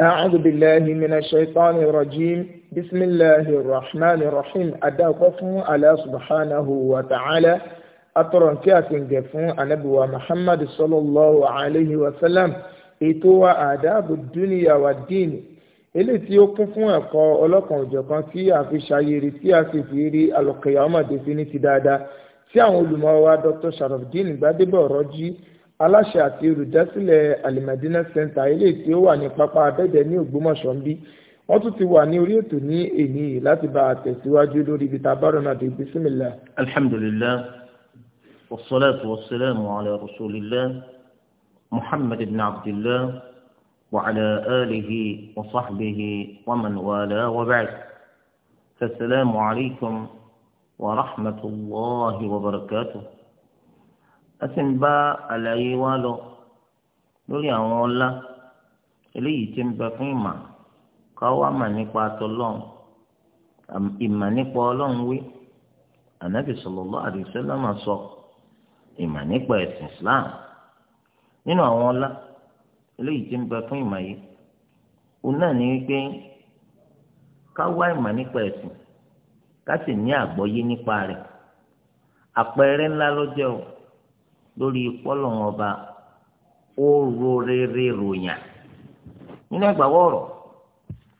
أعوذ بالله من الشيطان الرجيم بسم الله الرحمن الرحيم أدعوكم على سبحانه وتعالى أترون كاتن جفون النبي محمد صلى الله عليه وسلم ètò àdáàbò dúnìyà wà dín eléyìí tí ó kún fún ẹ̀kọ́ ọlọ́kan òjọ̀kan tí a fi ṣàyèrè tí a sì fi rí alùkẹ́yà ọmọdé fi ní ti dáadáa tí àwọn olùmọ̀ wa Dr. Sharafdin Gbadebo Rọ́jí aláṣẹ àti olùdásílẹ̀ alimadina center eléyìí tí ó wà ní pápá abẹ́dẹ ní ògbómọ̀ṣọ́ ń bí wọ́n tún ti wà ní orí ètò ní èní láti bá a tẹ̀síwájú lórí ibi tá a bá rọ̀nà dé bisimilá. alhamdulillah wasalaatu wasalaamu ala rasulillah muhammad ibn abdillah wa ala alihi wa sahbihi wa man wala wa ba'd fasalaamu alaykum wa rahmatulahi wa barakatuh. a sì ń bá àlàyé wa lọ lórí àwọn ọlá eléyìí ti ń bẹ fún ìmà ká wá mà nípa tọlọ́n ìmà nípa ọlọ́run wí ànábì sallallahu alaihi wasallam sọ ìmà nípa ẹ̀sìn islam nínú àwọn ọlá eléyìí ti ń bẹ fún ìmà yìí òun náà ní wípé ká wá ìmà nípa ẹ̀sìn ká sì ní àgbọ́yé nípa rẹ̀ àpẹẹrẹ ńlá ló jẹ́ o. lórí pọ́lọ́wọ́n ọba ó ro rere ròyàn nínú ẹgbàwọ́ ọ̀rọ̀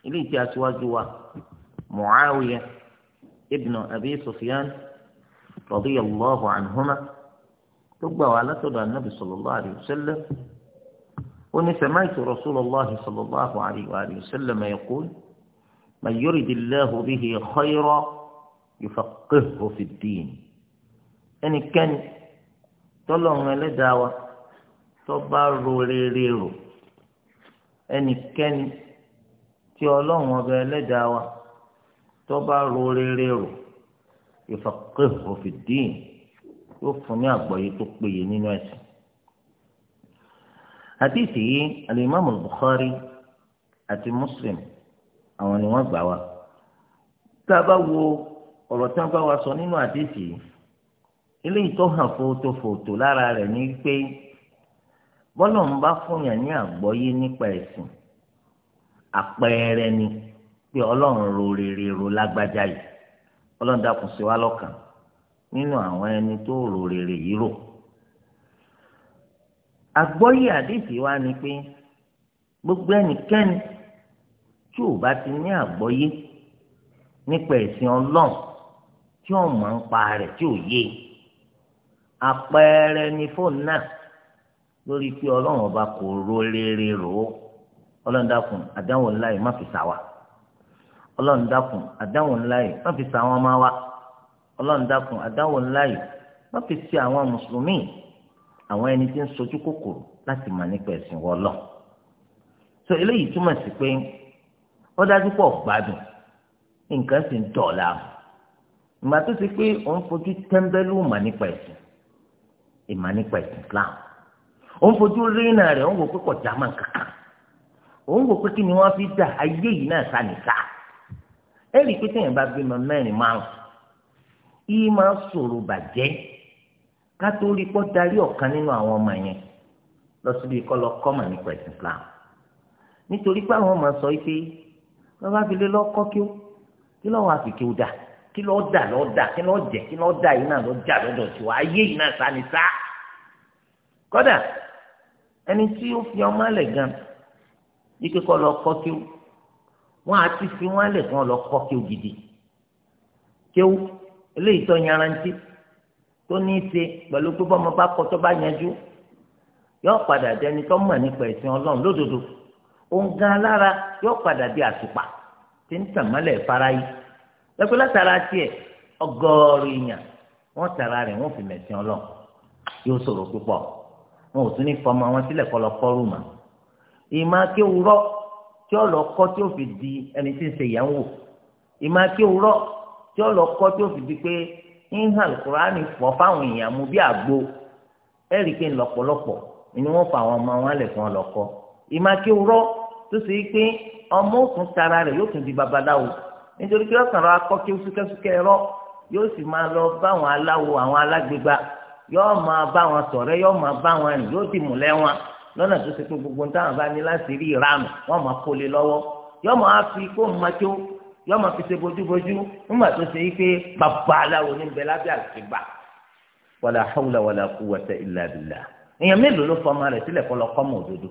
ilé ìtì aṣíwájú wa Muawiya ibn Abi sofiyan Sufyan radiyallahu anhuma tó gbà wá látọ̀dọ̀ anábì sallallahu alayhi wa sallam ó ní sami'tu àdìyẹ sallallahu alayhi wa sallam yaqul man yuridillahu bihi khayran yufaqqihhu fid-din ẹnikẹ́ni. tọ́lọ́run ẹlẹ́dàá wa tó bá ro rere rò ẹnikẹ́ni tí ọlọ́run ọba ẹlẹ́dàá wa tó bá ro rere rò ìfaqihhu fid-din yóò fún ní àgbọ́yé tó péye nínú ẹ̀sìn. àdìsí yìí alimami Bukhari àti Muslim àwọn ni wọ́n gbà wá. tá a bá wo ọ̀rọ̀ tí wọ́n bá wa sọ nínú àdìsí yìí. eléyìí tó hàn fòtòfòtò lára rẹ̀ ní pé bọ́lọ̀ ń bá fúnyàn ní àgbọ́yé nípa ẹ̀sìn àpẹẹrẹ ni pé ọlọ́run ro rere ro lágbájá yìí ọlọ́run dákun sí wa lọ́kàn nínú àwọn ẹni tó ro rere yìí rò àgbọ́yé àdéhìí wa ni pé gbogbo ẹnikẹ́ni tí ò bá ti ní àgbọ́yé nípa ẹ̀sìn ọlọ́run tí ò mọ̀ ń pa rẹ̀ tí ò yé e àpẹẹrẹ ni fóònù náà lórí pé ọlọ́run ọba kò ro rere rò ó ọlọ́run dákun àdáhùn ńlá yìí má fi sàwà ọlọ́run dákun àdáhùn ńlá yìí má fi sàwọn ọmọ wa ọlọ́run dákun àdáhùn ńlá yìí má fi sí àwọn mùsùlùmí àwọn ẹni tí ń sojú kòkòrò láti mà nípa ẹ̀sìn wọlọ́ so eléyìí túmọ̀ sí pé ó dájú pọ̀ gbádùn nǹkan sì ń dọ̀la ìgbà tó ti pé òun fojú tẹ́ńbẹ́lú mà nípa ẹ̀sìn ìmọ̀ nípa nipa Islam òun fojú rínà reina òun wò pé kò já máa kankan òun wò pé kí ni fi dà ayé yìí náà sá nìta ẹ rí i bá bímọ mẹ́rin márùn yìí máa sọ̀rọ̀ bàjẹ́ ká tó darí ọ̀kan nínú àwọn ọmọ yẹn lọ síbi kọ́ lọ kọ́ mà nípa ẹ̀sìn nítorí pé àwọn ọmọ sọ pé bàbá fi lé kí ó kí ó kí lọ́ọ́ dà lọ́ọ́ dà kí lọ́ọ́ jẹ kí lọ́ọ́ dà yìí náà lọ́ọ́ jà lọ́dọ̀ tí wàá yé yìí náà sani sá. kódà ẹni tí ó fi ọmọ alẹ̀ gan ike kọ́ lọ kọ́ kí ó wọ́n á ti fi wọ́n alẹ̀ kan lọ kọ́ kí ó gidi kí ó eléyìí tó yanrantí tó ní í ṣe pẹ̀lú pé bọ́mọ bá kọ́ tó bá yanjú yóò padà dẹni tó mọ̀ nípa ẹ̀sìn ọlọ́run lódodo òun gan alára yóò padà di àtùpà tí ń tàn mọ́lẹ̀ fara yìí lẹ́pẹ́ látara tiẹ̀ ọgọ́rùn èèyàn wọ́n tara rẹ̀ wọ́n fi mẹ̀sìn ọlọ́run yóò ṣòro púpọ̀ wọn ò tún ní fọmọ wọn sílẹ̀ kọ́ lọ kọ́ rùmà ìmọ̀ akéwúrọ́ tí ó lọ kọ́ tí ó fi di ẹni tí ń ṣe ìyàwó ìmọ̀ akéwúrọ́ tí ó lọ kọ́ tí o fi di pé ìhàn alukurani pọ̀ fáwọn èèyàn mú bí àgbo ẹ̀rí pé ńlọ́pọ̀lọpọ̀ ni wọ́n fa àwọn ọmọ wọn lẹ̀ fún ọ lọ́kọ́ ìmọ̀ akéwúrọ́ tó ṣe é pé ọmọ òkun tara rẹ̀ yóò tún di babaláwo nítorí pé ọkàn rọ akọ kí ó súkẹsúkẹ ẹrọ yóò sì máa lọ bá àwọn aláwo àwọn alágbègbà yóò máa bá wọn ṣọ̀rẹ́ yóò máa bá wọn rìn yóò dì múlẹ̀ wọn lọ́nà tó ṣe pé gbogbo ń táwọn bá ní láti rí ìranù wọn máa kó lé lọ́wọ́ yóò máa fi kó máa tó yóò máa fi ṣe bójúbójú nígbà tó ṣe pé bàbá aláwo ní bẹ lábẹ́ àgbègbà wàlà hàwùlà wàlà kúwwata ìllà billah èèyàn mélòó ló fọmọ rẹ̀ sílẹ̀ kọ́ lọ kọ́mọ òdodo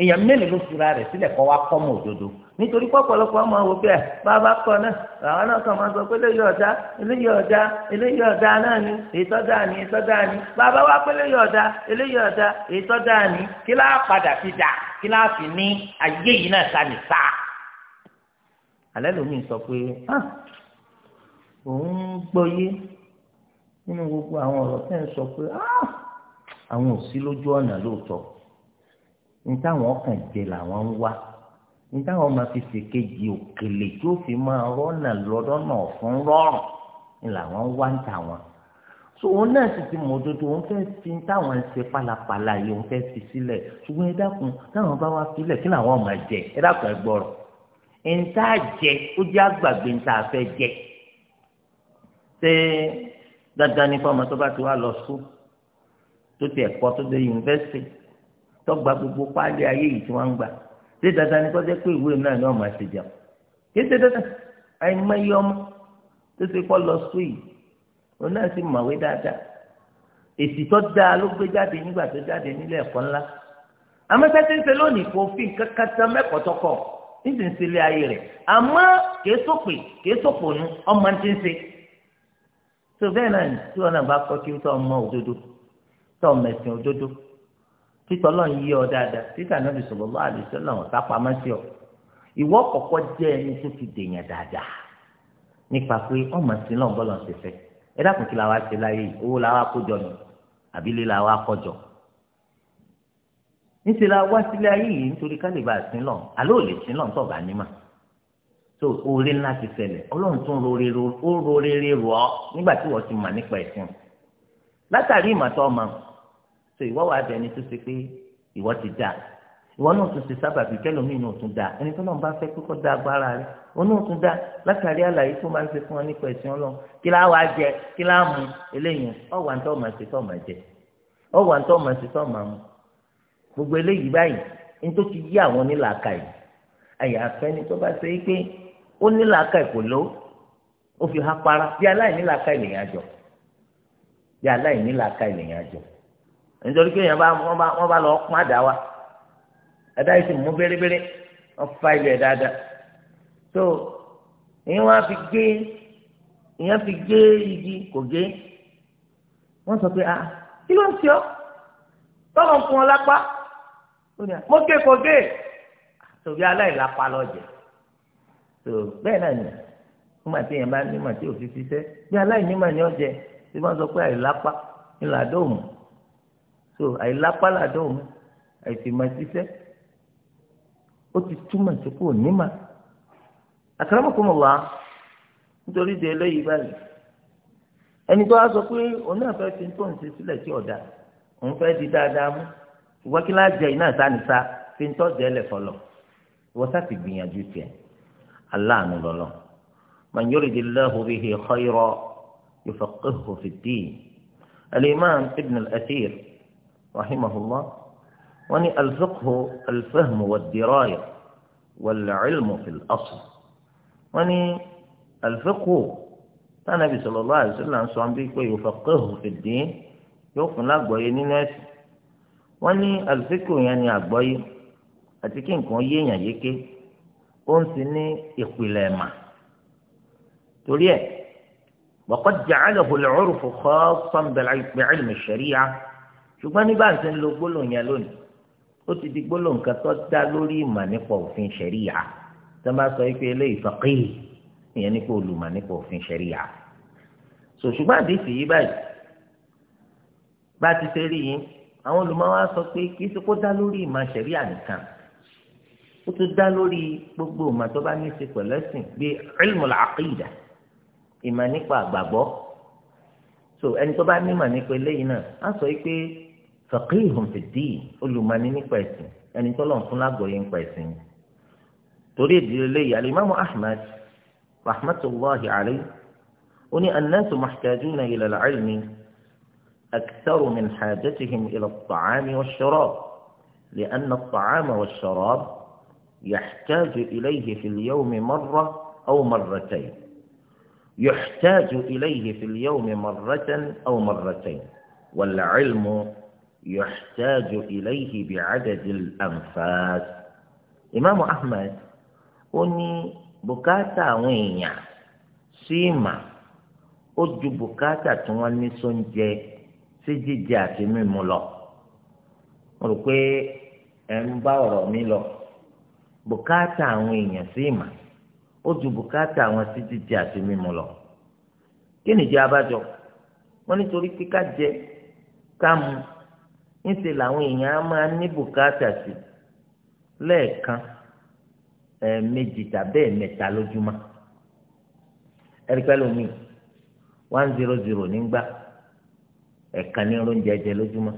èèyàn mélòó ló nítorí pọ̀pọ̀lọpọ̀ ọmọ wò pé bàbá kọ náà àwọn náà kàn máa sọ pé eléyìí ọ̀dá eléyìí ọ̀dá eléyìí ọ̀dá náà ni ètò dáa ni ètò dáa ni bàbá wa pé eléyìí ọ̀dá eléyìí ọ̀dá ètò dáa ni kí láà padà fi dà kí láà fi ní ayé yìí náà sá ní alẹ́ lómi sọ pé òun gbọ́yé nínú gbogbo àwọn ọ̀rọ̀ tẹ́ ń sọ pé àwọn ò sí lójú ọ̀nà lóòótọ́ ní ní táwọn máa fi ṣèkejì òkèlè tí ó fi máa rọ́nà lọ́dọ́nà fún rọrùn ni làwọn wá ń tà wọn so òun náà sì ti mọ òdodo òun fẹ́ fi táwọn ń ṣe pálapàla yìí òun fẹ́ fi sílẹ̀ ṣùgbọ́n ẹ dákun táwọn bá wá sílẹ̀ kí làwọn máa jẹ ẹ dákun ẹ gbọ́rọ̀ ìta jẹ ó jẹ́ àgbàgbé ìta fẹ́ jẹ ṣé dandan ni fọmọ tó bá ti wá lọ sùn tó ti ẹ̀kọ́ tó dé yunifásitì tó gba gbogbo páálí ayé yìí tí wọ́n ń gbà ṣé dandan ni kọ́jẹ́ pé ìwé náà ni wọ́n máa ṣe jẹun kí ṣe dandan àìmọye ọmọ tó ṣe kọ́ lọ sùn yìí òun náà sì mọ̀wé dáadáa èsì tó dáa ló gbé jáde nígbà tó jáde nílé ẹ̀kọ́ ńlá amẹ́sẹ́tẹ́ ń ṣe lónìí kò fi nǹkan kan tán mẹ́kọ̀ọ́tọ́kọ̀ níṣẹ́ ń ṣe ilé ayé rẹ̀ àmọ́ kìí sòpè kìí sòpònú ọmọ ti ń ṣe tó bẹ́ẹ̀ náà tí wọn náà bá kọ́ kí tó ọmọ òdodo tó ọmọ ẹ̀sìn òdodo títọ́ náà yí ọ dáadáa títà náà bìsọ̀ lọ́wọ́ àdìsọ́ náà ọ̀tá pamọ́ sí ọ ìwọ kọ̀kọ́ jẹ́ ẹni tó ti dèèyàn dáadáa nípa pé ọmọ sí náà bọ́lọ̀ ṣe fẹ́ ẹ dákun kí la wá ṣe láyé yìí owó la wá kójọ ni àbí ilé la wá kọjọ níṣẹ́ la wá sílé ayé yìí nítorí ká lè bá sí náà àlọ́ ò lè sí náà tọ̀gá nímà tó oore ńlá ti ṣẹlẹ̀ ọlọ́run tún rore so ìwọ wà dẹni tó ṣe pé ìwọ ti dà ìwọ náà tún ṣe sábàbí kẹlòmíì náà tún dà ẹni tó náà bá fẹ́ kókó dá agbára rẹ̀ òun náà tún dá látàrí àlàyé tó máa ń ṣe fún ọ nípa ẹ̀sìn Ọlọ́run kí láà wá jẹ kí láà mú eléyìí ọwà ń tọ́ máa ṣe tọ́ máa jẹ ọwà ń tọ́ máa ṣe tọ́ máa mú gbogbo eléyìí báyìí ní tó ti yí àwọn onílàákà yìí àyàfẹ́ ni tó bá ṣe é pé ó nílàákà kò ló ó fi há para bí aláìnílàákà nítorí pé èèyàn bá wọ́n bá wọ́n bá lọ pọ́n àdá wa àdá yìí sì mú bérebére wọ́n fa ilẹ̀ dáadáa tó èèyàn wá fi gé èèyàn fi gé igi kò gé wọ́n sọ pé ah kí ló ń ṣe ọ́ tọ́lọ̀ ń fún ọ lápá mo gé kò gé tòbí aláìlápá lọ́jẹ̀ tó bẹ́ẹ̀ náà nìyẹn nígbà tí èèyàn bá nímọ̀ tí òfin fi sẹ́ bí aláìnímọ̀ ni ọ̀jẹ̀ tí wọ́n sọ pé àìlápá ńlá dóòmù so àìlápálá dùn mú àìsèmọ̀ ṣiṣẹ́ ó ti túmọ̀ sí kò nímà akramakumullah nítorí de eléyìí báyìí ẹni tó wá sọ pé òun náà fẹ́ fi tó ń ṣe sílẹ̀ tí ọ̀dà òun fẹ́ di dáadáa mú ìwọ kí láá jẹ iná sánisa fi ń tọ́jú ẹlẹ̀ fọlọ̀ ìwọ sáti gbìyànjú tiẹ̀ aláàánú lọ́lọ́ man yuridillahu bihi khayran yufaqqihhu fid-din al-imam ibn al-athir rahimahullah wọ́n ní al-fiqhu al-fahmu wad-diraya wal-ilmu fil-asl wọ́n ní al-fiqhu tánàbì sallallahu alaihi wasallam sọ bí pé yufaqqihhu fid-din yóò fún lágbọ́yé nínú ẹ̀sìn wọ́n ní al-fiqhu yẹn ni àgbọ́yé àti kí nǹkan yéèyàn yéké ó ń sin ní ìpìlẹ̀ ẹ̀mà torí ẹ̀ waqad ja'alahu al-'urfu khasan bil-'ilmi ash-shari'a ṣùgbọ́n nígbà tí ń lo gbólóhùn yẹn lónìí ó ti di gbólóhùn kan tó dá lórí ìmọ̀ nípa òfin ṣẹ̀ríyà tó bá sọ pé eléyìí faqih ìyẹn nípa olùmọ̀ nípa òfin ṣẹ̀ríyà so ṣùgbọ́n àdéhùn yìí báyìí bá ti ṣe rí yín àwọn olùmọ̀ wa sọ pé kì í ṣe kó dá lórí ìmọ̀ ṣẹ̀ríyà nìkan ó tún dá lórí gbogbo ìmọ̀ tó bá ní ṣe pẹ̀lú ẹ̀sìn ìmọ̀ nípa àgbàgbọ́ so ẹni tó bá nímọ̀ nípa eléyìí náà á sọ pé faqihun fi ddin olùmọ̀ni nípa ẹ̀sìn ẹni tó lọ́n fún lágbòye nípa ẹ̀sìn torí ìdílé lẹ́yìn alimami ahmed rahmatulahi alayhi ó ní annasu muhtajuna ila al-ilmi aktharu min hajatihim ila at-ta'ami wash-sharab لأن الطعام والشراب يحتاج إليه في اليوم مرة أو مرتين يحتاج إليه في اليوم مرة أو مرتين والعلم yọ̀ṣáàjò ìlẹ́yìí bí àdàdì ànfààs. ìmáàmù ahmed ó ní bùkátà àwọn èèyàn sí ìmà ó ju bùkátà tí wọ́n ní sóúnjẹ sí jíjẹ àti mímu lọ. mo rò pé ẹ ń bá ọ̀rọ̀ mi lọ bùkátà àwọn èèyàn sí ìmà ó ju bùkátà àwọn sí jíjẹ àti mímu lọ. kí nìjẹ́ abájọ wọ́n nítorí pé ká jẹ ká mu ńṣe làwọn èèyàn á máa ní bùkátà sí lẹ́ẹ̀kan ẹ̀ẹ̀mejì tàbí ẹ̀ẹ̀mẹ́ta lójúmọ́ ẹ̀ríkẹ́ lómi one zero zero nígbà ẹ̀ẹ̀kan ní oúnjẹ jẹ lójúmọ́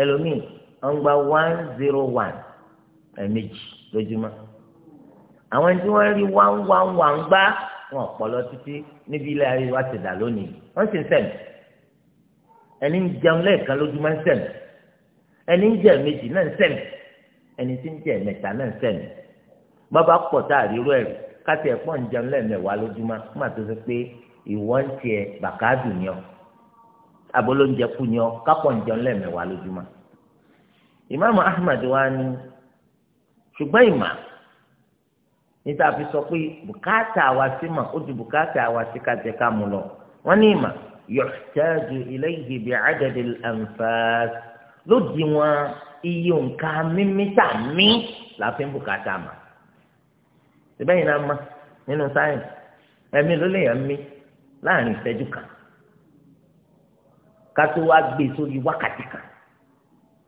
ẹlòmíì wọ́n gba one zero one ẹ̀ẹ̀mejì lójúmọ́ àwọn ẹni tí wọ́n rí one one one gbá wọn ọ̀pọ̀lọ títí níbi ilé ayé wa ti dà lónìí wọ́n sì ń sẹ̀mí. ẹni ń jẹun lẹ́ẹ̀kan lójúmọ́ ń sẹ̀mí ẹni ń jẹ méjì náà ń sẹ̀mí ẹni tí ń jẹ mẹ́ta náà ń sẹ̀mí bàbá pọ̀ tá a káti ń jẹun lójúmọ́ pé ìwọ ń tiẹ̀ bàkáàdù ni ọ abolóúnjẹ kú ni ọ kápọ̀ ń jẹun lójúmọ́ ìmáàmù wa ni ṣùgbọ́n ìmà sọ pé bùkátà wa sí mà ó ju bùkátà wa lọ wọ́n ní yọ̀ṣáàjù iléyìí bí àdàdì ànfààs lódiwọ̀n iye òǹkà mímítà mí láàfin bùkátà mà síbẹ̀yìn náà mà nínú sáyẹ̀nsì ẹ̀mí ló lèèyàn mí láàrin ìṣẹ́jú kan kátó wá gbé sórí wákàtí kan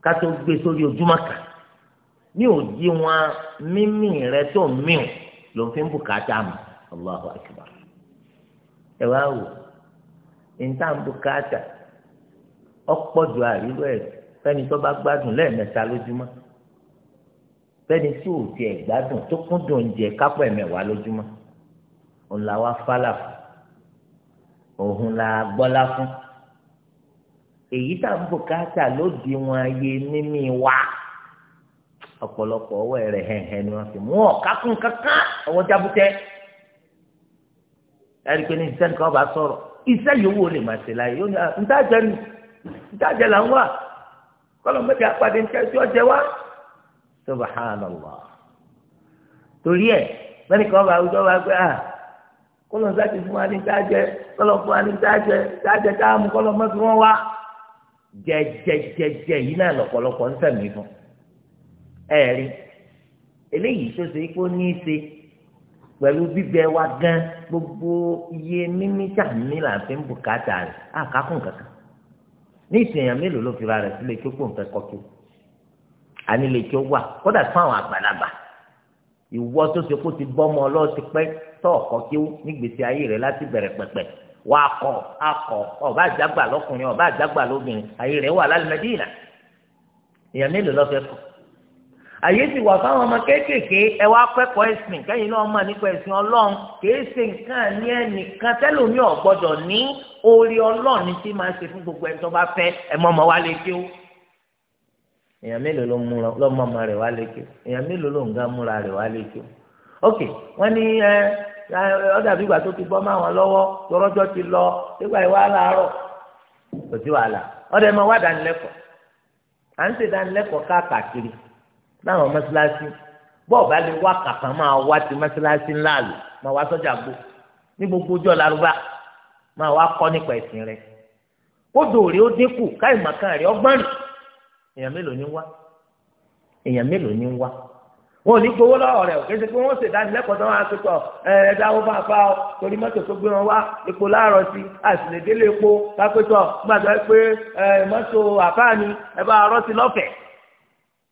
kátó gbé sórí ojúmọ́ kan ní òdiwọ̀n mímí rẹ tó mí ló fi ń bùkátà mà Allahu akbar ẹ wá wò ó ìntàǹbùkátà ọ̀pọ̀ ju àríwọ ẹ fẹ́ni tó bá gbádùn lẹ́ẹ̀mẹ́ta lójúmọ́ fẹ́ni tí ò tiẹ̀ gbádùn tó kún dùn jẹ kápọ ẹ̀mẹ́wàá lójúmọ́ òun là wá fálà fún òun là gbọ́lá fún èyí tá à ń bùkátà ló di wọn ayé mímí wá ọ̀pọ̀lọpọ̀ ọwọ́ rẹ̀ hẹ̀hẹ̀ ni wọ́n fi mú ọ̀ká kún kankan ọwọ́ jábútẹ́ ẹ̀rí pé ní ìsẹ́nìkan ọba sọ̀rọ̀ iṣẹ́ yòówù lè máa ṣe láyé yóò ní ntájẹ ni ntájẹ là ń wà kọlọ mẹjẹ apàdé ń tẹsí ọjẹ wá subhanallah torí ẹ lẹ́nu kan bá àwùjọ bá gbé à kọlọ nígbà tí fún wa ní ntájẹ kọlọ fún wa ní ntájẹ ntájẹ táàmù kọlọ mọ́tò wọn wá jẹjẹjẹjẹ yìí náà lọ́pọ̀lọpọ̀ ń sẹ̀mí fún ẹ̀rí eléyìí tó ṣe kó ní í ṣe pẹ̀lú bíbẹ wa gan gbogbo iye mímíjà mi là ń fi ń bùkátà rẹ̀ àkákùn kankan ní ìsèyàn mélòó ló fira rẹ̀ sílé tó kóun fẹ́ kọ́kí ànílé tó wà kódà fún àwọn àgbàlagbà ìwọ tó ṣe kó ti bọ́mọ ọlọ́ọ̀tì pẹ́ tó ọ̀kọ́ kí ó nígbèsè ayé rẹ̀ láti bẹ̀rẹ̀ pẹ̀pẹ̀ wà kọ́ akọ́ ọ̀bá àjágbà lọ́kùnrin ọ̀bá àjágbà lóbìnrin ayé rẹ̀ wà lálẹ́ mẹ́dínà èèyàn mélòó lọ́fẹ́ kọ́ àyè ti wà fáwọn ọmọ kéékèèké ẹ wá kẹ́kọ̀ọ́ ẹ̀sìn kẹ́yìn náà mọ̀ nípa ẹ̀sìn ọlọ́run kìí ṣe nǹkan ní ẹnìkan tẹ́lómi ò ní orí ọlọ́run tí máa ṣe fún gbogbo ẹni tó bá fẹ́ ẹ o. èèyàn mélòó ló múra ọmọ rẹ̀ wá lè o èèyàn mélòó ló ń gá múra o. ok wọ́n ní ẹ ọ̀dà bí tó ti bọ́ máwọn lọ́wọ́ láwọn mọ́sálásí bọ́ọ̀ bá lè wá kàkà máa wá ti mọ́sálásí ńlá lò máa wá sọ́jà gbó ní gbogbo ọjọ́ larubá máa wá kọ́ nípa ẹ̀sìn rẹ̀ ó dòòrè ó dínkù káyì màkà rẹ̀ ọgbọ́n rẹ̀ èèyàn mélòó ní wá èèyàn mélòó ní wá wọn ò ní gbowó lọ́wọ́ rẹ̀ òkèèṣe pé wọ́n ṣe ìdánilẹ́kọ̀ọ́ tó wọn àtúntò ẹ̀ẹ́dá wọn bá fa ọ torí mọ́tò tó gbé wọn wá epo láàárọ̀ sí àtìlẹ́dẹ́lẹ́ epo kápẹ́tọ̀ gbàgbọ́ pé mọ́tò àfáàní ẹ bá arọ́ sí lọ́fẹ̀ẹ́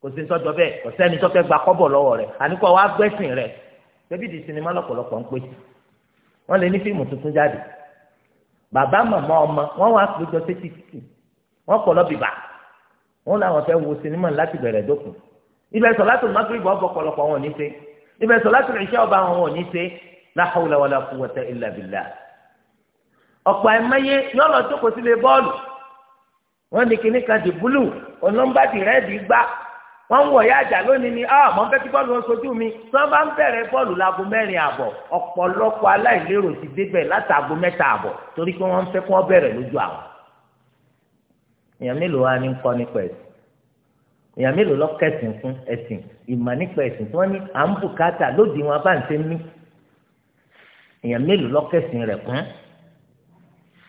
kò sí sọ́jọ́ bẹ́ẹ̀ kò sẹ́ni tó fẹ́ gba kọ́bọ̀ lọ́wọ́ rẹ̀ àníkọ́ wa gbẹ́sìn rẹ̀ bébí di sinimá lọ́pọ̀lọpọ̀ ń pè sí wọ́n lè ní fíìmù tuntun jáde bàbá màmá ọmọ wọ́n wá péjọ sétí kìkì wọ́n pọ̀ lọ́bìbà wọ́n làwọn fẹ́ wo sinimá láti bẹ̀rẹ̀ dókun ibẹ̀ sọ láti magrib ọ̀bọ̀ pọ̀lọpọ̀ wọn ò ní ṣe ibẹ̀ sọ láti ìṣẹ́ ọba wọn ní ṣe la hawla wala quwwata illa billah ọ̀pọ̀ ẹ̀mẹ́yẹ yọ lọ jókòó sílé bọ́ọ̀lù wọ́n ní kíní wọ́n ń wọ̀ ya àjà lónìí ni ah mọ̀ ń fẹ́ kí bọ́ọ̀lù wọn sojú mi tí wọ́n bá ń bẹ̀rẹ̀ bọ́ọ̀lù láago mẹ́rin àbọ̀ ọ̀pọ̀lọpọ̀ aláìlérò ti débẹ̀ látàgo mẹ́ta àbọ̀ torí pé wọ́n ń fẹ́ kí wọ́n bẹ̀rẹ̀ lójú àwọn. èèyàn mélòó wa ni ń kọ́ nípa ẹ̀sìn èèyàn mélòó lọ kẹ́sìn fún ẹ̀sìn ìmọ̀ nípa ẹ̀sìn tí wọ́n ní à ń bùkátà lóde wọn bá ń ṣe mí èèyàn mélòó lọ kẹ́sìn rẹ̀ kún.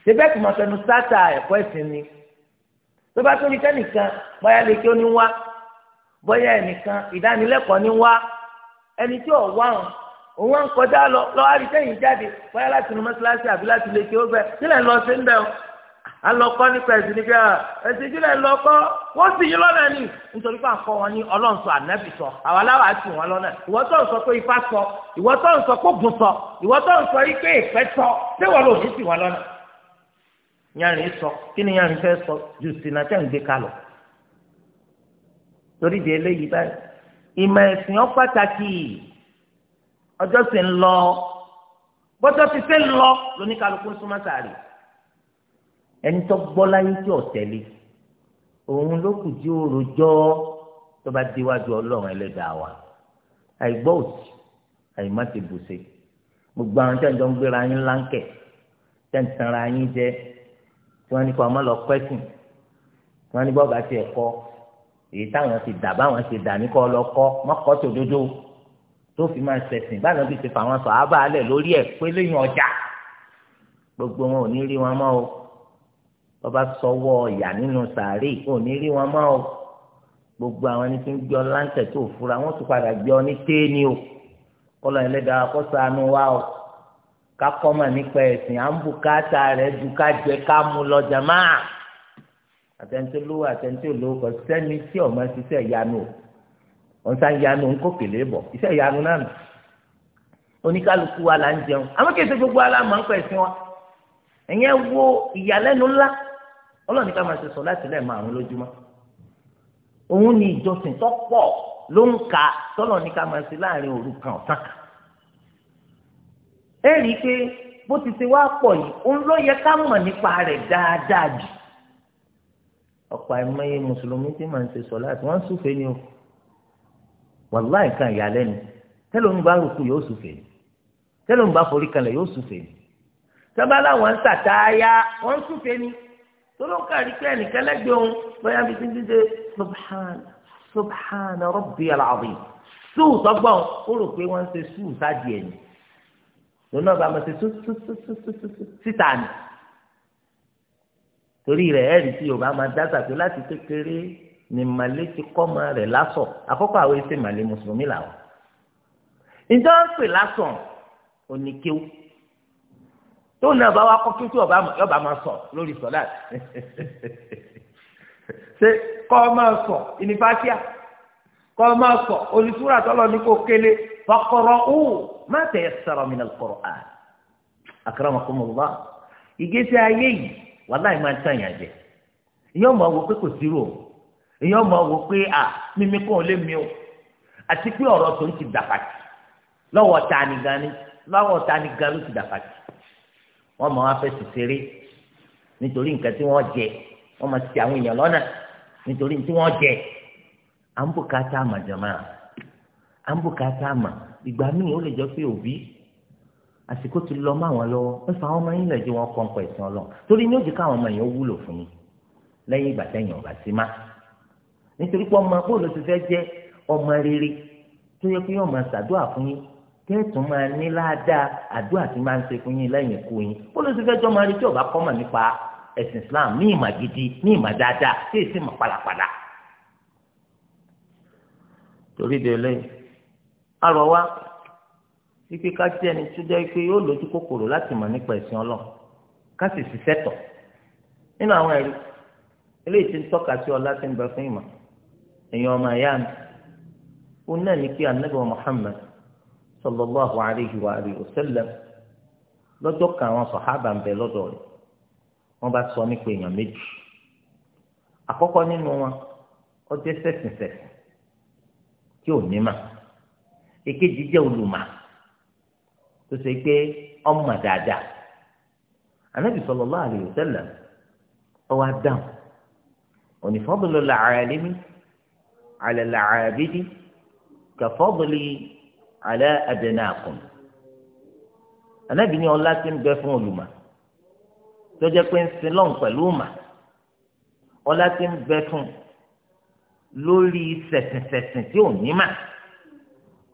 síbẹ̀ kùmọ̀tẹ́nu sátà ẹ̀kọ́ ẹ̀sìn ni tó bá tó bóyá ẹnìkan ìdánilẹ́kọ̀ọ́ ní wá ẹni tí ò wá hàn òun wá ń kọjá lọ lọ́wọ́ àbítẹ́yìn jáde bóyá láti inú mọ́ṣáláṣí àbí láti ilé tí ó sílẹ̀ lọ sí ń bẹ̀ alọkọ nípa ẹ̀sìn níbi à ẹ̀sìn lọkọ wọ́n sì yín lọ́nà ni nítorí pé àkọ́ wọn ní ọlọ́run sọ ànábì sọ àwọn aláwọ̀ àti wọn lọ́nà ìwọ tó ń sọ pé ifá sọ ìwọ tó ń sọ pé ògùn sọ ìwọ tó ń sọ ni yanrìn fẹ́ sọ ju sinatẹ́ torí di eléyìí báyìí ìmọ̀ ẹ̀sìn ọ́ pàtàkì ọjọ́ sì ń lọ bọ́jọ́ ti ṣe ń lọ lóníkàlùkù súnmọ́ sàárè ẹni tó gbọ́ láyé tí ò tẹ̀lé òun ló kù tí ó rojọ́ tó bá déwájú ọlọ́run ẹlẹ́dàá wa àìgbọ́ òsì àìmọ́ ti bùṣe gbogbo àwọn tẹ̀ ń jọ ń gbéra yín láńkẹ̀ tẹ̀ ń tanra yín jẹ tí wọ́n ní kó ọmọ lọ pẹ́sìn tí wọ́n ní bọ́ọ̀bù àti ẹ̀kọ́ èyí táwọn ti dà báwọn ṣe dà ní kọ́ lọ kọ́ mọ́kọ́ tó dodo tó fi máa ṣẹ̀sìn báyìí lọ́bi ti fà wọn sọ abáàlẹ̀ lórí ẹ̀ pé lẹ́yìn ọjà gbogbo wọn ò ní rí wọn mọ́ o bàbá sọwọ́ ìyà nínú sàárè ò ní rí wọn mọ́ o gbogbo àwọn ẹni tí ń gbọ́ láǹtẹ̀ tó fura wọ́n tún padà gbé ọ ní téèni o kọ́lọ̀ ẹlẹ́dàá kó ṣàánú wa o ká kọ́ mà nípa ẹ̀sìn à rẹ̀ ju ká jẹ ká àtẹnudẹ lówó àtẹnudẹ olówó kọ sẹni tí ọmọ ṣiṣẹ ìyanu òun sá ìyanu ń kó kèlè bọ iṣẹ ìyanu náà nù oníkálukú wa là ń jẹun àwọn kéde gbogbo wa la máa ń pẹ sí wa ẹ̀yẹ wo ìyàlẹ́nu ńlá ọlọ́ọ̀ni ká máa ṣe sọ láti lẹ́ẹ̀ máa rún lójúmọ́ òun ni ìjọsìn tó pọ̀ ló ń ka tọ́lọ̀ ní ká máa ṣe láàrin òru kan ọ̀sán kan ẹ rí i pé bó ti ṣe wá pọ̀ yìí òun ló yẹ ká mọ̀ nípa rẹ̀ dáadáa jù ọ̀pọ̀ àìmọye mùsùlùmí tí màá ń ṣe sọ láti wọ́n ń súfèé ni o wàláì kan ìyàlẹ́nu tẹ́lómi bá rùkú yóò súfèé ni tẹ́lómi bá forí kanlẹ̀ yóò súfèé ni sábà láwọn ń tàtáyà wọ́n ń súfèé ni tọ́lọ́ kárí pé ẹnìkan lẹ́gbẹ̀ẹ́ òun bóyá bí ti ń díje subhana subhana rabbiyal azim sùn ó rò pé wọ́n ń ṣe sùn sáàdì ẹ̀yìn lónà bá máa ṣe sùn sùn sùn sùn torí rẹ̀ ẹ̀rí tí yorùbá máa dá sàtó láti kékeré ni màlẹ́ ti kọ́ ọmọ rẹ̀ lásọ àkọ́kọ́ àwọn ẹsẹ̀ màlẹ́ mùsùlùmí làwọn. ìjọ ń pè lásán oníkéwù tó nà bá wa kọ́ kí tí ọba máa sọ lórí sọ́dà ṣe kọ́ ọ máa sọ ìnífàṣíà kọ́ ọ máa sọ olùsúra tọ́lọ́ ní kò kélé fọkọrọ ó má tẹ̀ sọ̀rọ̀ mi nà kọ̀rọ̀ àkàrà wọn kọ́ mọ̀ ayé yìí. wàláì máa tàn yàn jẹ èyàn máa wò pé kò sí rò èyàn máa wò pé à mímí kò lè mí o àti pé ọrọ tó ń ti dàpàtì lọwọ ta ni gan ni lọ́wọ́ ta ni gan ló ti dàpàtì wọn máa wá fẹ́ nítorí nǹkan tí wọn jẹ wọn máa ti àwọn èèyàn nítorí tí jẹ àmà ìgbà míì ó lè jọ pé òbí àsìkò ti lọ mọ́ àwọn lọ́wọ́ ẹ fà àwọn ọmọ yín lẹ́jọ́ wọn kọ́ńkọ́ ẹ̀sìn ọlọ́run torí ní òjì káwọn ọmọ yẹn wúlò fún yín lẹ́yìn ìgbà tẹ̀yìn ọ̀bà sí má nítorí pé ọmọ bóòlù ti fẹ́ jẹ́ ọmọ rere tó yẹ kó yóò máa ṣàdúrà fún yín kẹ́ẹ̀tún máa ní ládàá àdúrà tí máa ń ṣe fún yín lẹ́yìn ikú yín bóòlù ti fẹ́ jọ́ máa rí tí ọ̀bá kọ́ mọ̀ nípa ẹ̀sìn Islam ní ìmọ̀ gidi ní ìmọ̀ dáadáa tí èsì mọ̀ pàlàpàlà torí de lẹ́yìn ipe ká jẹ́ ẹni tó jẹ́ pé yóò lójú kòkòrò láti mọ̀ nípa ẹ̀sìn ọlọ́run ká sì ṣiṣẹ́ tọ̀ nínú àwọn ẹ̀rí eléyìí ti ń tọ́ka sí ọlá tí ń bẹ fún ìmọ̀ èèyàn ọmọ ẹ̀yà mi òun náà ní kí anábì Muhammad sallallahu alayhi wa alihi wa sallam lọ́jọ́ kan àwọn sọ̀hábà ń bẹ lọ́dọ̀ rẹ̀ wọ́n bá sọ nípa èèyàn méjì àkọ́kọ́ nínú wọn ó jẹ́ sẹ́sìnsẹ̀sìn tí ò ní mà èkejì jẹ́ olùmọ̀ tó ṣe pé ọmọ dáadáa anabi sallallahu alayhi wa sallam ọwọ adáhùn òní fadlu al-alimi ala al-abidi ka fadli ala adnakum anabi ní ọlá tí ń bẹ fún olùmọ̀ tó jẹ́ pé ń sin lọ́n pẹ̀lú mà ọlá tí ń bẹ fún lórí sẹ̀sìnsẹ̀sìn tí ò ní mà.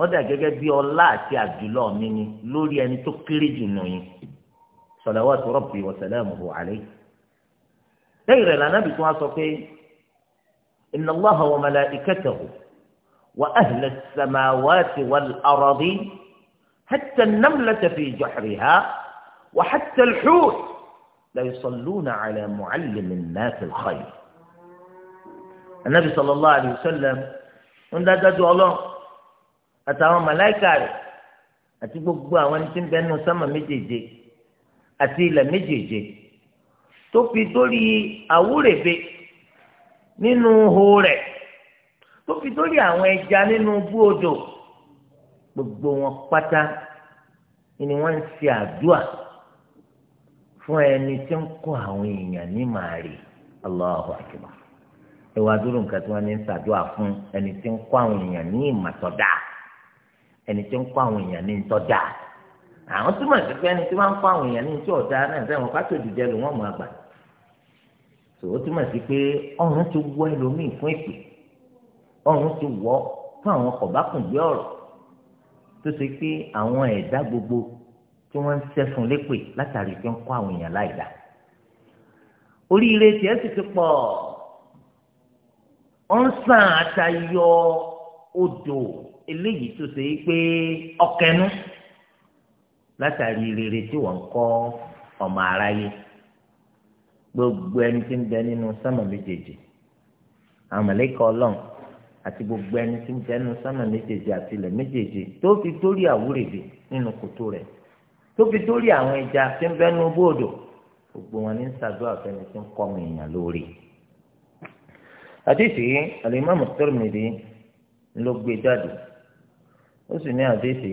ó dà gẹ́gẹ́ bí ọlá àti àjùlọ mi ni lórí ẹni tó kéré jù nù yín salawatu rabbi wa salamuhu alẹ lẹ́yìn rẹ̀ lànà bí tí wọ́n sọ pé inna Allaha wa malaikatahu wa ahla as-samawati wal ardi hatta an-namlata fi juhriha wa hatta al-hut la yusalluna ala àlẹ an-nasi al-khayr. Annabi sallallahu alayhi wa sallam ń dájú ọlọ́run. àtàwọn màláìkà rẹ̀ àti gbogbo àwọn ẹni tí ń bẹnu sámà méjèèje àti ilẹ̀ méjèèje tó fi dórí àwúrèbe nínú ihò rẹ̀ tó fi dórí àwọn ẹja nínú bú gbogbo wọn pátá ni wọ́n ń ṣe àdúà fún ẹni tí ń kó àwọn èèyàn ní màárì Allahu akbar ìwà dúró nǹkan tí wọ́n ní ń ṣàdúà fún ẹni tí ń kó àwọn èèyàn ní ìmàtọ̀dá ẹni tí ń kọ́ àwọn èèyàn ní ntọ́ dáa àwọn túmọ̀ sí pé ẹni tí wọ́n ń kọ́ àwọn èèyàn ní ntọ́ dáa náà sẹ́wọ̀n pátó òdìjẹ́ ló wọ́n mọ̀ àgbà tó o túmọ̀ sí pé ọ̀run ti wọ ẹlòmíì fún ìpè ọ̀run ti wọ fún àwọn kọ̀bákùngbé ọ̀rọ̀ tó ṣe pé àwọn ẹ̀dá gbogbo tí wọ́n ń sẹ́fun lépè látàrí pé ń kọ́ àwọn èèyàn láìda oríire tiẹ̀ sì ti pọ̀ ọ̀nsán àtayọ odò eléyìí tó ṣe pé ọkẹnu látàrí rere tí wọ́n ń kọ́ ọmọ aráyé gbogbo ẹni tí ń bẹ nínú sánmà méjèèjì àmàlẹ́kọ̀ ọlọ́run àti gbogbo ẹni tí ń bẹ nínú sánmà méjèèjì àti ilẹ̀ méjèèjì tó fi dórí àwúrèdè nínú kòtò rẹ̀ tó fi dórí àwọn ẹja tí ń bẹ nínú bóòdò gbogbo wọn ní ṣàdúrà fẹ́ni tí ń kọ́ ọmọ èèyàn lórí. àdìsí alimami Tirmidhi ló gbé ó sì ní àdéhì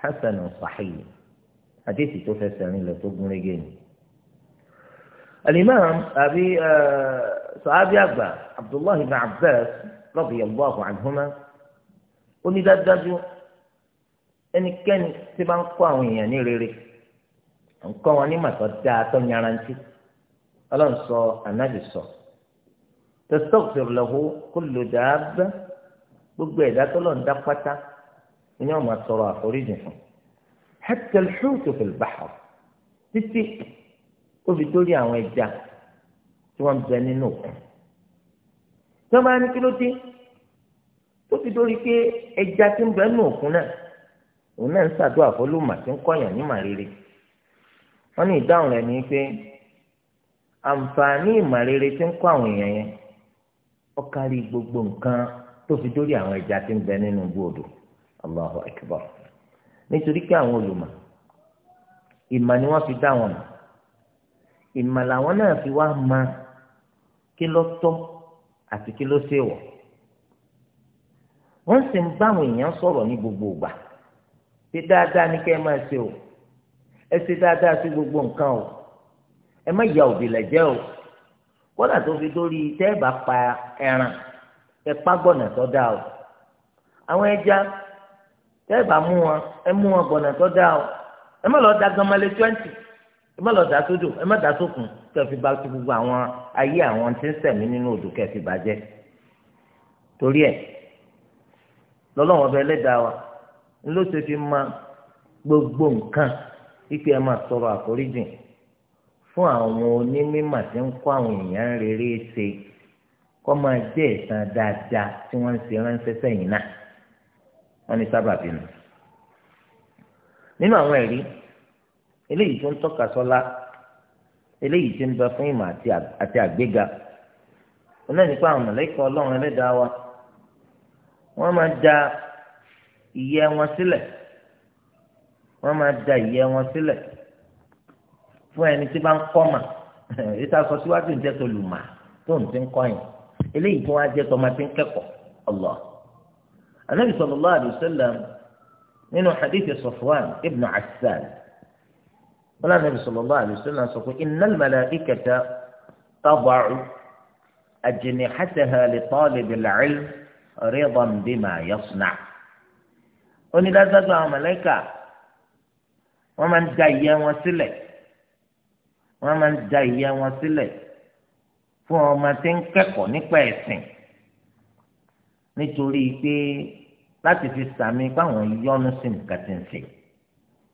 hasan sahih àdéhì tó fẹsẹ̀ rìn lọ tó gún régé ni. alimam àbí eh, sàábì àgbà abdullahi ibn abbas radiyallahu anhuma ó ní dájúdájú ẹnikẹ́ni tí bá ń kọ́ àwọn èèyàn ní rere nǹkan wọn ní màtọ́ dáa tó nyarantí ọlọ́run sọ ànábì sọ tastaghfir lahu kullu dabba gbogbo ẹ̀dá tó lọ́n dá pátá ní ọmọ tọrọ àforíjì fún hatta al-hut fi al-bahr títí ó fi dórí àwọn ẹja tí wọ́n bẹ nínú òkun tí wọ́n bá ní kí ló dé tó fi dórí pé ẹja tí ń bẹ nínú òkun náà òun náà ń ṣàdúrà fọlùmà tí ń kọyàn ní màrèrè wọ́n ní ìdáhùn rẹ̀ ni pé àǹfààní ìmàrèrè tí ń kọ́ àwọn èèyàn yẹn ó gbogbo nǹkan tó fi dórí àwọn ẹja tí ń bẹ nínú ibú Allahu akbar nítorí pé àwọn olùmọ̀ ìmọ̀ ni wọ́n fi dá wọn mọ̀ ìmọ̀ làwọn náà fi wá ma kí ló tọ́ àti kí ló ṣe wọ̀ wọ́n sì ń bá àwọn èèyàn sọ̀rọ̀ ní gbogbo ìgbà ṣe dáadáa ní kẹ́ ẹ máa ṣe o ẹ ṣe dáadáa sí gbogbo nǹkan o ẹ má ya òbílẹ̀ jẹ́ o kódà tó fi dórí tẹ́ẹ̀bà pa ẹran ẹ pa gbọ̀nà tó dáa o àwọn ẹja tẹ́ẹ̀bà mú wọn ẹ mú wọn gbọ̀nà tó dá o ẹ má lọ da gamale twenty ẹ má lọ da sódò ẹ má da sókun kẹfì bá ti gbogbo àwọn ayé àwọn tí ń sẹ̀mí nínú odò kẹfì bàjẹ́ torí ẹ̀ lọ́lọ́wọ́n bẹ lẹ́dàá wa ló ṣe fi ma gbogbo nǹkan ipe ẹ máa sọ̀rọ̀ àforíjìn fún àwọn onímọ̀ tí ń kó àwọn èèyàn rere ṣe kọ́ máa jẹ́ ìtàn dáadáa tí wọ́n ń ṣe ránṣẹ́ sẹ́yìn náà. wọn ní sábàbí nù nínú àwọn ẹ̀rí eléyìí tó ń tọ́ka sọ́lá eléyìí tó ń bẹ fún ìmọ̀ àti àgbéga wọn náà nípa àwọn mọ̀lẹ́kọ̀ ọlọ́run ẹlẹ́dàá wa wọ́n máa da ìyẹ́ wọn sílẹ̀ wọ́n máa da ìyẹ́ wọn sílẹ̀ fún ẹni tí bá ń kọ́ mà èyí tá a sọ síwájú ń jẹ́ tó lù mà tó ń ti ń kọ́ yẹn eléyìí tó wá jẹ́ tó máa ti ń kẹ́kọ̀ọ́ Allah anabi sallallahu alayhi wa sallam nínú hadith safwan ibn asan wọn lọ anabi sallallahu alayhi wa sallam sọ pé innal malaikata tada'u ajnihataha li talibil ilm ridan bima yasna' onídàájọ́ àwọn màláíkà wọ́n máa ń da ìyẹ́ wọn sílẹ̀ wọ́n máa ń da ìyẹ́ wọn sílẹ̀ fún ọmọ tí ń kẹ́kọ̀ọ́ nípa ẹ̀sìn nítorí pé láti fi sàmì páwọn yọ́nú sí nǹkan ti ń ṣe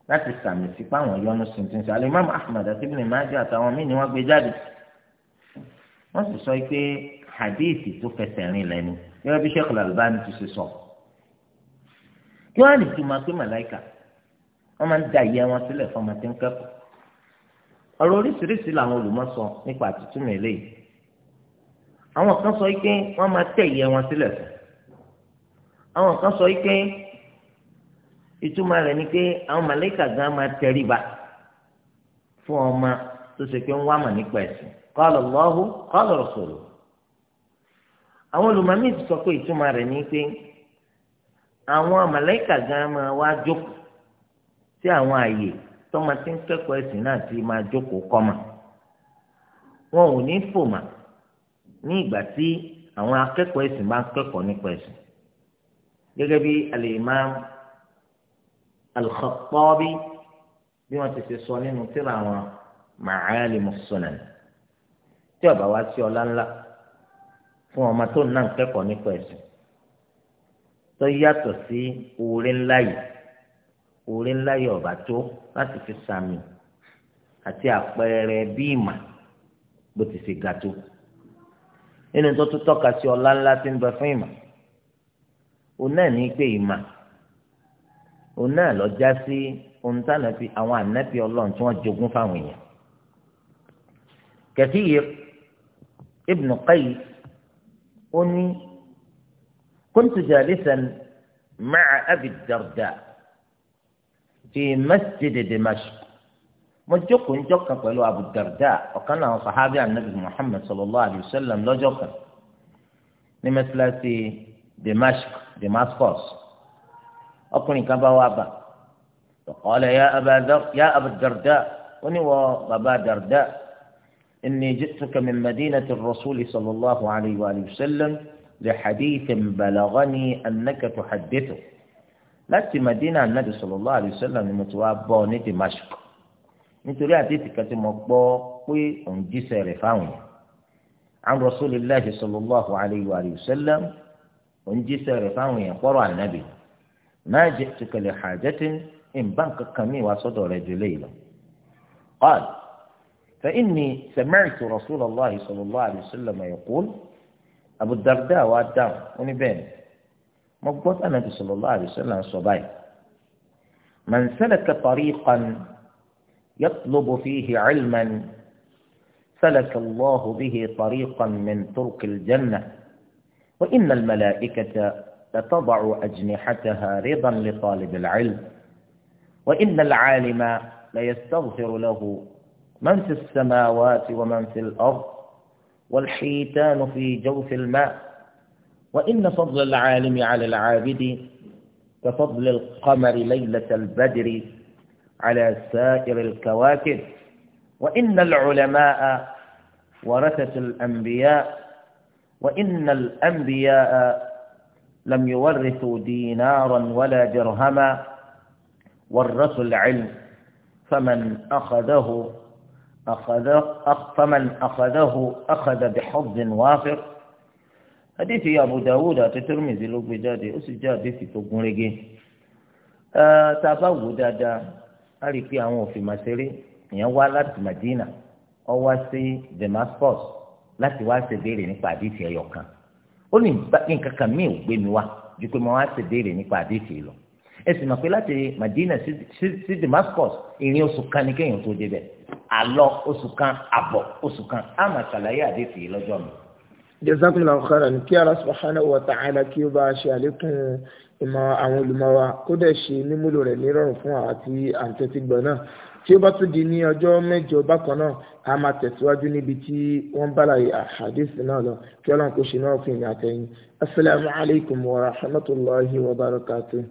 láti sàmì sí páwọn yọ́nú sí ti ń ṣe alimam ahmed àti ibn Majah àtàwọn míì ni wọ́n gbé jáde wọ́n sì sọ pé hadithi tó fẹsẹ̀ rìn lẹ́nu gẹ́gẹ́ bí Sheikh Al-Albani ti ṣe sọ kí wọ́n á lè pé màláìkà wọ́n máa ń da ìyẹ́ wọn sílẹ̀ fún ọmọ tí ń kẹ́kọ̀ọ́ ọ̀rọ̀ oríṣiríṣi làwọn olùmọ̀ sọ nípa àtútù mẹ́lẹ́yìí àwọn kan sọ pé wọ́n máa tẹ̀ ìyẹ́ wọn sílẹ̀ fún àwọn kan sọ ike ìtumọ̀ rẹ̀ ni pé àwọn màlẹ́kà gan máa tẹríba fún ọmọ tó ṣe pé ń wá mà nípa ẹ̀sìn qala Allahu qala rasuluhu àwọn olùmọ̀mí ti sọ pé ìtumọ̀ rẹ̀ ni pé àwọn màlẹ́kà gan máa wá jókòó sí àwọn àyè tọ́mọ tí ń kẹ́kọ̀ọ́ ẹ̀sìn náà ti máa jókòó kọ́mà wọn ò ní fòmà ní ìgbà tí àwọn akẹ́kọ̀ọ́ ẹ̀sìn bá ń kẹ́kọ̀ọ́ nípa gẹ́gẹ́ bí al-Imam al-Khattabi bí wọ́n ti ṣe sọ nínú tírà wọn Ma'alimus Sunan tí ọba wa sí ọlá ńlá fún ọmọ tó náà ń kẹ́kọ̀ọ́ nípa ẹ̀sìn tó yàtọ̀ sí oore ńlá yìí oore ńlá yìí ọba tó láti fi sàmì àti àpẹẹrẹ bí ìmà bó ti ṣe ga nínú tó tún tọ́ka sí ọlá ńlá tí ń bẹ fún ìmà òun náà ní pé ìmà òun náà lọ já sí ohun tánàfi àwọn ànáfi ọlọ́run tí wọ́n jogún fáwọn èèyàn Kathir ibn Qais ó ní kuntu jalisan ma'a Abi Darda fi masjid Dimashq mo jókòó ń jọkàn pẹ̀lú Abu Darda ọ̀kan náà sahabi anabi Muhammad sallallahu alayhi wa sallam lọ́jọ́ kan ní mẹ́tíláṣí. Dimashq Damascus ọkùnrin kan bá wà bá qala ya Aba Darda ó ní wọ bàbá Darda inni jituka min madinati rasuli sallallahu alayhi wa sallam li hadithin balaghani annaka tuhaddithu láti madina anabi sallallahu alayhi wa sallam ni mo ti wá bọ̀ ní dimashq nítorí àdéhìí kan tí mo gbọ́ pé òun jíṣẹ́ rẹ̀ fáwọn an rasulillahi sallallahu alayhi wa sallam. ò ń jíṣẹ́ rẹ̀ fáwọn èèyàn pọ́rọ̀ ànábì máa jẹ tìkẹ̀lẹ̀ hàjẹ́tì ìbá kankan mi wá sọ́dọ̀ rẹ̀ jù léyìí lọ. قال فإني سمعت رسول الله صلى الله عليه وسلم يقول أبو الدرداء وأدام ونبين مقبوط النبي صلى الله عليه وسلم صباي من سلك طريقا يطلب فيه علما سلك الله به طريقا من طرق الجنه وإن الملائكة لتضع أجنحتها رضا لطالب العلم وإن العالم ليستغفر له من في السماوات ومن في الأرض والحيتان في جوف الماء وإن فضل العالم على العابد كفضل القمر ليلة البدر على سائر الكواكب وإن العلماء ورثة الأنبياء وإن الأنبياء لم يورثوا دينارا ولا درهما ورثوا العلم فمن أخذه أخذ فمن أخذه أخذ بحظ وافر حديث يا أبو داود الترمذي لو بجادي أسجادي في تقولي tabawo dáadáa أريكي rí في pé àwọn òfin màṣẹ́rẹ́ ìyẹn wá láti láti wá ṣèbéèrè nípa àdìsí ẹyọ kan ó ní nǹkan kan mi ò gbé mi wá ju pé mo wá ṣèbéèrè nípa àdìsí lọ ẹ sì mọ̀ pé láti Madina sí Damascus ìrìn oṣù kan ni kéèyàn tó débẹ̀ àlọ oṣù kan àbọ̀ oṣù kan á mà ṣàlàyé àdìsí lọ́jọ́ mi. jazakumullahu khairan ní kí Allah subhanahu wa ta'ala kí ó bá ṣe àlékún ìmọ̀ àwọn olùmọ̀ wa kó dẹ̀ ṣe mímúlò rẹ̀ nírọ̀rùn fún àti àǹtẹ̀tìgbọ̀ náà tí ó bá tún di ní ọjọ́ mẹ́jọ bákan náà a máa tẹ̀síwájú níbi tí wọ́n bá láyé àhàdísì náà lọ kí ọlọ́run kó ṣe náà fún ìyàtẹ̀yìn asalaamualeykum wa rahmatulahi wa barakatuh.